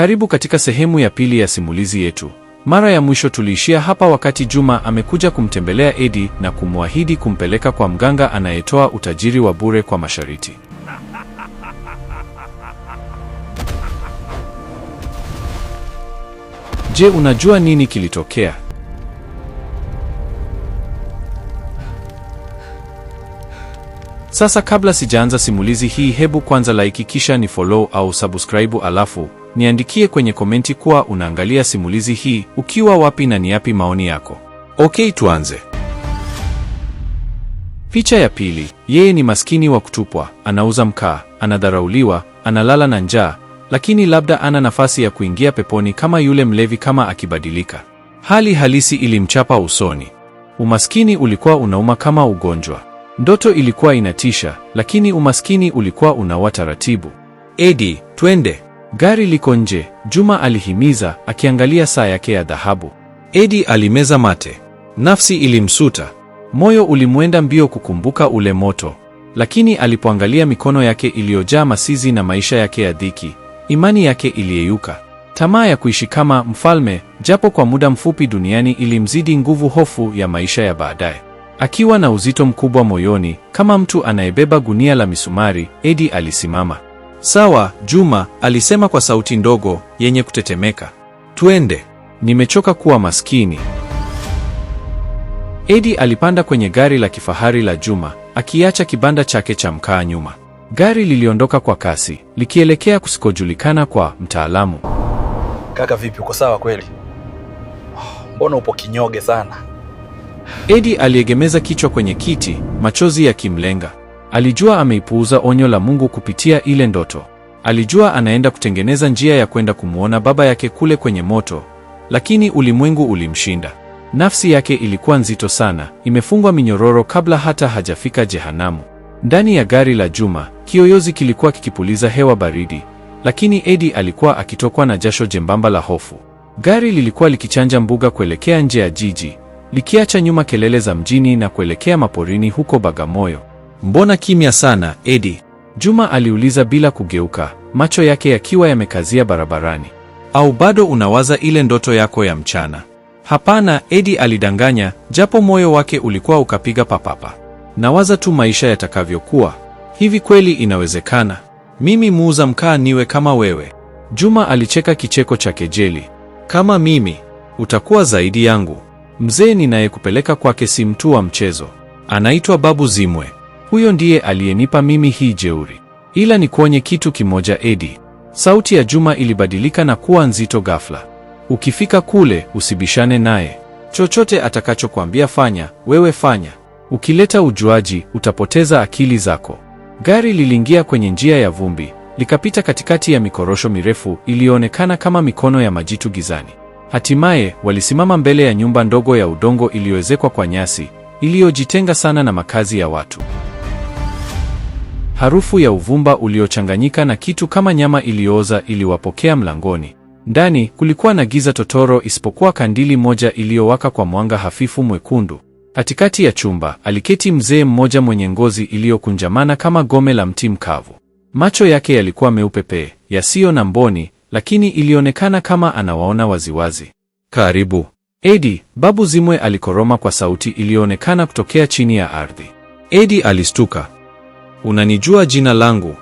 Karibu katika sehemu ya pili ya simulizi yetu. Mara ya mwisho tuliishia hapa wakati Juma amekuja kumtembelea Edi na kumwahidi kumpeleka kwa mganga anayetoa utajiri wa bure kwa mashariti Je, unajua nini kilitokea? Sasa kabla sijaanza simulizi hii, hebu kwanza like kisha ni follow au subscribe alafu Niandikie kwenye komenti kuwa unaangalia simulizi hii ukiwa wapi na ni yapi maoni yako. Okay, tuanze. Picha ya pili, yeye ni maskini wa kutupwa, anauza mkaa, anadharauliwa, analala na njaa, lakini labda ana nafasi ya kuingia peponi kama yule mlevi kama akibadilika. Hali halisi ilimchapa usoni. Umaskini ulikuwa unauma kama ugonjwa. Ndoto ilikuwa inatisha, lakini umaskini ulikuwa unaua taratibu. Edi, twende. Gari liko nje, Juma alihimiza, akiangalia saa yake ya dhahabu. Edi alimeza mate, nafsi ilimsuta, moyo ulimwenda mbio kukumbuka ule moto, lakini alipoangalia mikono yake iliyojaa masizi na maisha yake ya dhiki, imani yake iliyeyuka. Tamaa ya kuishi kama mfalme, japo kwa muda mfupi duniani, ilimzidi nguvu hofu ya maisha ya baadaye. Akiwa na uzito mkubwa moyoni, kama mtu anayebeba gunia la misumari, Edi alisimama. Sawa, Juma alisema kwa sauti ndogo yenye kutetemeka. Twende, nimechoka kuwa maskini. Edi alipanda kwenye gari la kifahari la Juma, akiacha kibanda chake cha mkaa nyuma. Gari liliondoka kwa kasi likielekea kusikojulikana kwa mtaalamu. Kaka, vipi, uko sawa kweli? Mbona upo kinyoge sana? Edi aliegemeza kichwa kwenye kiti, machozi yakimlenga. Alijua ameipuuza onyo la Mungu kupitia ile ndoto. Alijua anaenda kutengeneza njia ya kwenda kumwona baba yake kule kwenye moto, lakini ulimwengu ulimshinda. Nafsi yake ilikuwa nzito sana, imefungwa minyororo kabla hata hajafika jehanamu. Ndani ya gari la Juma, kiyoyozi kilikuwa kikipuliza hewa baridi, lakini Edi alikuwa akitokwa na jasho jembamba la hofu. Gari lilikuwa likichanja mbuga kuelekea nje ya jiji, likiacha nyuma kelele za mjini na kuelekea maporini huko Bagamoyo. Mbona kimya sana Edi? Juma aliuliza bila kugeuka, macho yake yakiwa yamekazia barabarani. Au bado unawaza ile ndoto yako ya mchana? Hapana, Edi alidanganya, japo moyo wake ulikuwa ukapiga papapa. Nawaza tu maisha yatakavyokuwa. Hivi kweli inawezekana mimi muuza mkaa niwe kama wewe? Juma alicheka kicheko cha kejeli. Kama mimi utakuwa zaidi yangu. Mzee ninayekupeleka kwake si mtu wa mchezo, anaitwa Babu Zimwe. Huyo ndiye aliyenipa mimi hii jeuri, ila ni kuonye kitu kimoja Edi. Sauti ya Juma ilibadilika na kuwa nzito ghafla. Ukifika kule usibishane naye, chochote atakachokwambia fanya, wewe fanya. Ukileta ujuaji utapoteza akili zako. Gari liliingia kwenye njia ya vumbi, likapita katikati ya mikorosho mirefu iliyoonekana kama mikono ya majitu gizani. Hatimaye walisimama mbele ya nyumba ndogo ya udongo iliyoezekwa kwa nyasi, iliyojitenga sana na makazi ya watu. Harufu ya uvumba uliochanganyika na kitu kama nyama iliyooza iliwapokea mlangoni. Ndani kulikuwa na giza totoro isipokuwa kandili moja iliyowaka kwa mwanga hafifu mwekundu. Katikati ya chumba aliketi mzee mmoja mwenye ngozi iliyokunjamana kama gome la mti mkavu. Macho yake yalikuwa meupe pe, yasiyo na mboni, lakini ilionekana kama anawaona waziwazi. Karibu Edi. Babu Zimwe alikoroma kwa sauti iliyoonekana kutokea chini ya ardhi. Edi alistuka. Unanijua jina langu?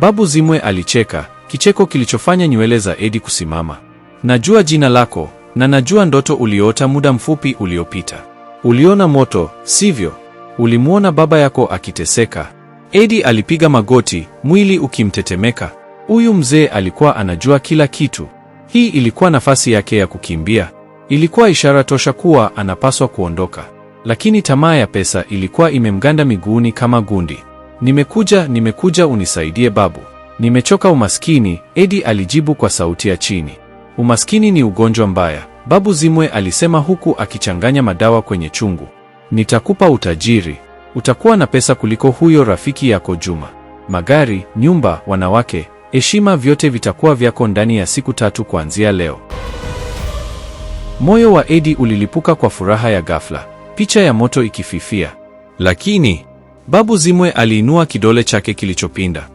Babu Zimwe alicheka, kicheko kilichofanya nywele za Edi kusimama. Najua jina lako na najua ndoto uliota muda mfupi uliopita. Uliona moto, sivyo? Ulimwona baba yako akiteseka. Edi alipiga magoti, mwili ukimtetemeka. Huyu mzee alikuwa anajua kila kitu. Hii ilikuwa nafasi yake ya kukimbia. Ilikuwa ishara tosha kuwa anapaswa kuondoka, lakini tamaa ya pesa ilikuwa imemganda miguuni kama gundi. Nimekuja, nimekuja, unisaidie babu, nimechoka umaskini, Edi alijibu kwa sauti ya chini. Umaskini ni ugonjwa mbaya, babu Zimwe alisema huku akichanganya madawa kwenye chungu. Nitakupa utajiri, utakuwa na pesa kuliko huyo rafiki yako Juma. Magari, nyumba, wanawake, heshima, vyote vitakuwa vyako ndani ya siku tatu kuanzia leo. Moyo wa Edi ulilipuka kwa furaha ya ghafla, picha ya moto ikififia. Lakini Babu Zimwe aliinua kidole chake kilichopinda.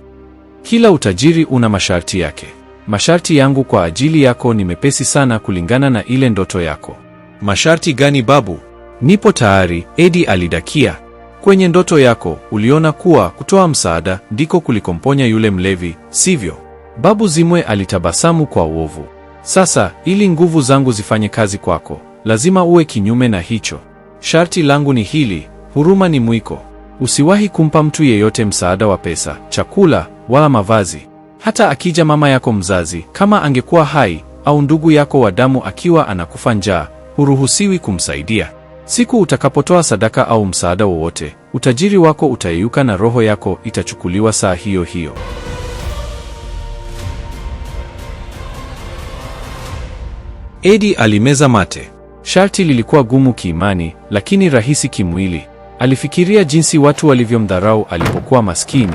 Kila utajiri una masharti yake. Masharti yangu kwa ajili yako ni mepesi sana kulingana na ile ndoto yako. Masharti gani babu? Nipo tayari, Edi alidakia. Kwenye ndoto yako uliona kuwa kutoa msaada ndiko kulikomponya yule mlevi, sivyo? Babu Zimwe alitabasamu kwa uovu. Sasa ili nguvu zangu zifanye kazi kwako, lazima uwe kinyume na hicho. Sharti langu ni hili, huruma ni mwiko. Usiwahi kumpa mtu yeyote msaada wa pesa, chakula wala mavazi. Hata akija mama yako mzazi, kama angekuwa hai, au ndugu yako wa damu akiwa anakufa njaa, huruhusiwi kumsaidia. Siku utakapotoa sadaka au msaada wowote, utajiri wako utayeyuka na roho yako itachukuliwa saa hiyo hiyo. Edi alimeza mate. Sharti lilikuwa gumu kiimani, lakini rahisi kimwili. Alifikiria jinsi watu walivyomdharau alipokuwa maskini,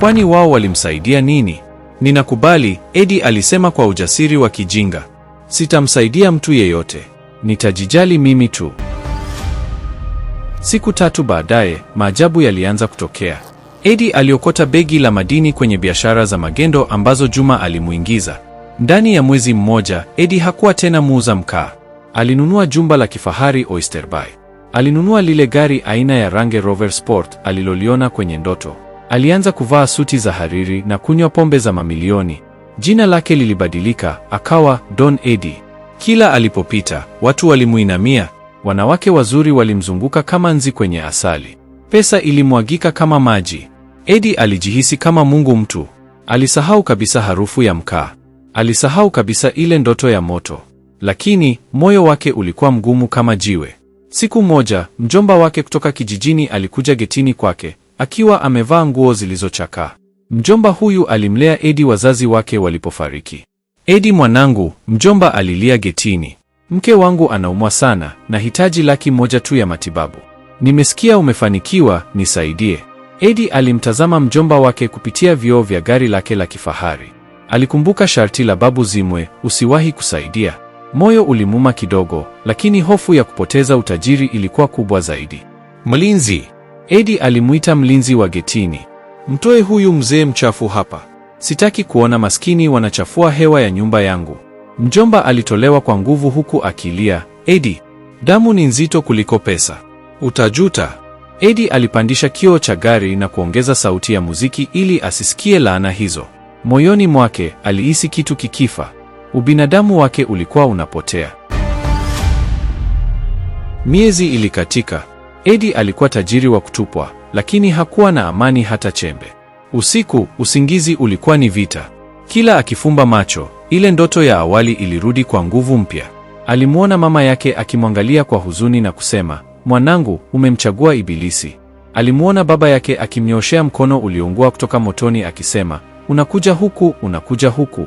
kwani wao walimsaidia nini? Ninakubali, Edi alisema kwa ujasiri wa kijinga. Sitamsaidia mtu yeyote, nitajijali mimi tu. Siku tatu baadaye, maajabu yalianza kutokea. Edi aliokota begi la madini kwenye biashara za magendo ambazo Juma alimuingiza. Ndani ya mwezi mmoja, Edi hakuwa tena muuza mkaa. Alinunua jumba la kifahari Oyster Bay. Alinunua lile gari aina ya Range Rover Sport aliloliona kwenye ndoto. Alianza kuvaa suti za hariri na kunywa pombe za mamilioni. Jina lake lilibadilika, akawa Don Eddy. Kila alipopita, watu walimuinamia, wanawake wazuri walimzunguka kama nzi kwenye asali. Pesa ilimwagika kama maji. edi alijihisi kama mungu mtu. Alisahau kabisa harufu ya mkaa. Alisahau kabisa ile ndoto ya moto. Lakini moyo wake ulikuwa mgumu kama jiwe. Siku moja mjomba wake kutoka kijijini alikuja getini kwake akiwa amevaa nguo zilizochakaa. Mjomba huyu alimlea Edi wazazi wake walipofariki. Edi mwanangu, mjomba alilia getini, mke wangu anaumwa sana, nahitaji laki moja tu ya matibabu. Nimesikia umefanikiwa, nisaidie. Edi alimtazama mjomba wake kupitia vioo vya gari lake la kifahari. Alikumbuka sharti la babu Zimwe, usiwahi kusaidia Moyo ulimuma kidogo, lakini hofu ya kupoteza utajiri ilikuwa kubwa zaidi. Mlinzi! Edi alimwita mlinzi wa getini. Mtoe huyu mzee mchafu hapa, sitaki kuona maskini wanachafua hewa ya nyumba yangu. Mjomba alitolewa kwa nguvu huku akilia, Edi, damu ni nzito kuliko pesa, utajuta. Edi alipandisha kioo cha gari na kuongeza sauti ya muziki ili asisikie laana hizo. Moyoni mwake alihisi kitu kikifa, Ubinadamu wake ulikuwa unapotea. Miezi ilikatika. Edi alikuwa tajiri wa kutupwa, lakini hakuwa na amani hata chembe. Usiku usingizi ulikuwa ni vita. Kila akifumba macho, ile ndoto ya awali ilirudi kwa nguvu mpya. Alimwona mama yake akimwangalia kwa huzuni na kusema, mwanangu, umemchagua Ibilisi. Alimwona baba yake akimnyooshea mkono ulioungua kutoka motoni akisema, unakuja huku, unakuja huku.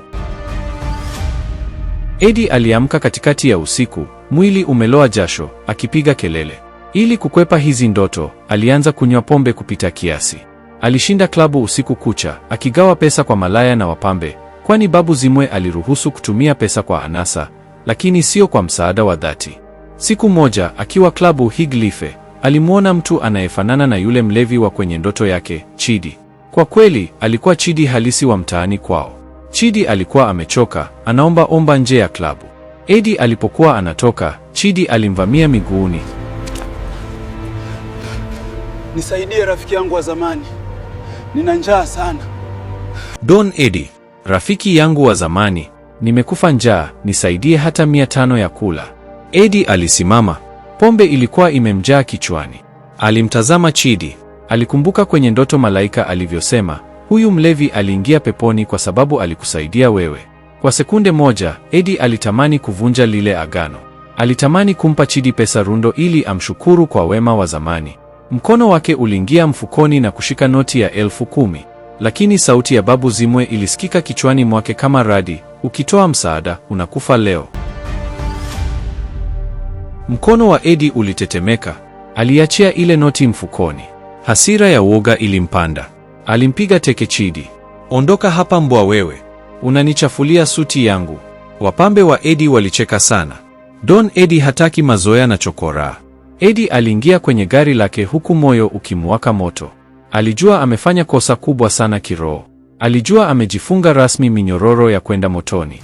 Edi aliamka katikati ya usiku, mwili umeloa jasho, akipiga kelele. Ili kukwepa hizi ndoto, alianza kunywa pombe kupita kiasi. Alishinda klabu usiku kucha, akigawa pesa kwa malaya na wapambe, kwani Babu Zimwe aliruhusu kutumia pesa kwa anasa, lakini sio kwa msaada wa dhati. Siku moja, akiwa klabu Higlife, alimwona mtu anayefanana na yule mlevi wa kwenye ndoto yake, Chidi. Kwa kweli, alikuwa Chidi halisi wa mtaani kwao. Chidi alikuwa amechoka, anaomba omba nje ya klabu. Edi alipokuwa anatoka, Chidi alimvamia miguuni. Nisaidie rafiki yangu wa zamani, nina njaa sana. Don Edi, rafiki yangu wa zamani, nimekufa njaa, nisaidie hata mia tano ya kula. Edi alisimama, pombe ilikuwa imemjaa kichwani. Alimtazama Chidi, alikumbuka kwenye ndoto malaika alivyosema Huyu mlevi aliingia peponi kwa sababu alikusaidia wewe. Kwa sekunde moja, Edi alitamani kuvunja lile agano. Alitamani kumpa Chidi pesa rundo ili amshukuru kwa wema wa zamani. Mkono wake uliingia mfukoni na kushika noti ya elfu kumi, lakini sauti ya Babu Zimwe ilisikika kichwani mwake kama radi, ukitoa msaada unakufa leo. Mkono wa Edi ulitetemeka. Aliachia ile noti mfukoni. Hasira ya uoga ilimpanda. Alimpiga teke Chidi. Ondoka hapa mbwa wewe, unanichafulia suti yangu. Wapambe wa Edi walicheka sana. Don Edi hataki mazoea na chokoraa. Edi aliingia kwenye gari lake huku moyo ukimwaka moto. Alijua amefanya kosa kubwa sana kiroho. Alijua amejifunga rasmi minyororo ya kwenda motoni.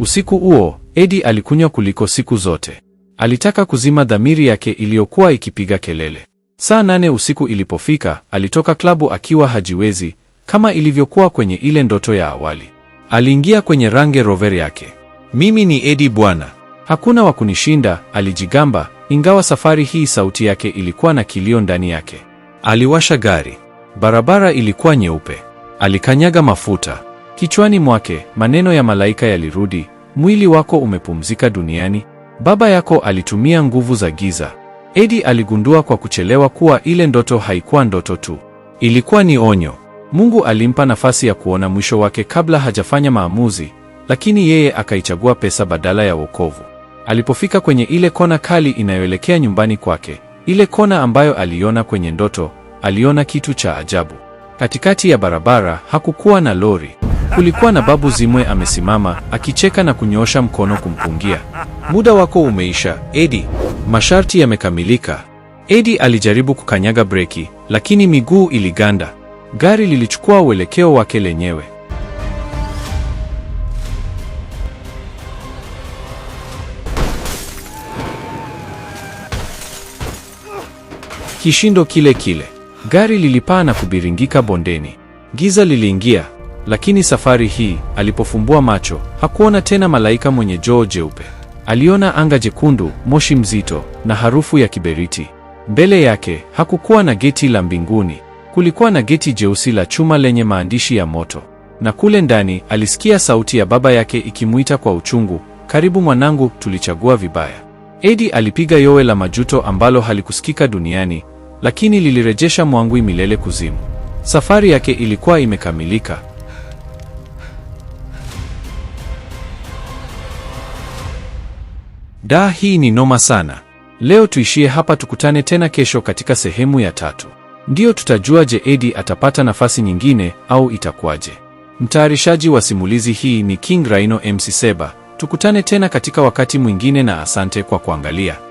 Usiku huo Edi alikunywa kuliko siku zote. Alitaka kuzima dhamiri yake iliyokuwa ikipiga kelele. Saa nane usiku ilipofika, alitoka klabu akiwa hajiwezi kama ilivyokuwa kwenye ile ndoto ya awali. Aliingia kwenye Range Rover yake. Mimi ni Edi bwana, hakuna wa kunishinda, alijigamba, ingawa safari hii sauti yake ilikuwa na kilio ndani yake. Aliwasha gari. Barabara ilikuwa nyeupe. Alikanyaga mafuta. Kichwani mwake maneno ya malaika yalirudi: mwili wako umepumzika duniani, baba yako alitumia nguvu za giza edi aligundua kwa kuchelewa kuwa ile ndoto haikuwa ndoto tu, ilikuwa ni onyo. Mungu alimpa nafasi ya kuona mwisho wake kabla hajafanya maamuzi, lakini yeye akaichagua pesa badala ya wokovu. Alipofika kwenye ile kona kali inayoelekea nyumbani kwake, ile kona ambayo aliona kwenye ndoto, aliona kitu cha ajabu. Katikati ya barabara hakukuwa na lori, kulikuwa na Babu Zimwe amesimama akicheka na kunyoosha mkono kumpungia. Muda wako umeisha, Edi masharti yamekamilika. Edi alijaribu kukanyaga breki, lakini miguu iliganda. Gari lilichukua uelekeo wake lenyewe. Kishindo kile kile, gari lilipaa na kubiringika bondeni. Giza liliingia, lakini safari hii alipofumbua macho hakuona tena malaika mwenye joo jeupe. Aliona anga jekundu, moshi mzito na harufu ya kiberiti. Mbele yake hakukuwa na geti la mbinguni, kulikuwa na geti jeusi la chuma lenye maandishi ya moto, na kule ndani alisikia sauti ya baba yake ikimuita kwa uchungu, karibu mwanangu, tulichagua vibaya. Edi alipiga yowe la majuto ambalo halikusikika duniani, lakini lilirejesha mwangwi milele kuzimu. Safari yake ilikuwa imekamilika, Da, hii ni noma sana. Leo tuishie hapa, tukutane tena kesho katika sehemu ya tatu. Ndiyo tutajua, je, Edi atapata nafasi nyingine au itakuwaje? Mtayarishaji wa simulizi hii ni King Rhino MC Seba. Tukutane tena katika wakati mwingine na asante kwa kuangalia.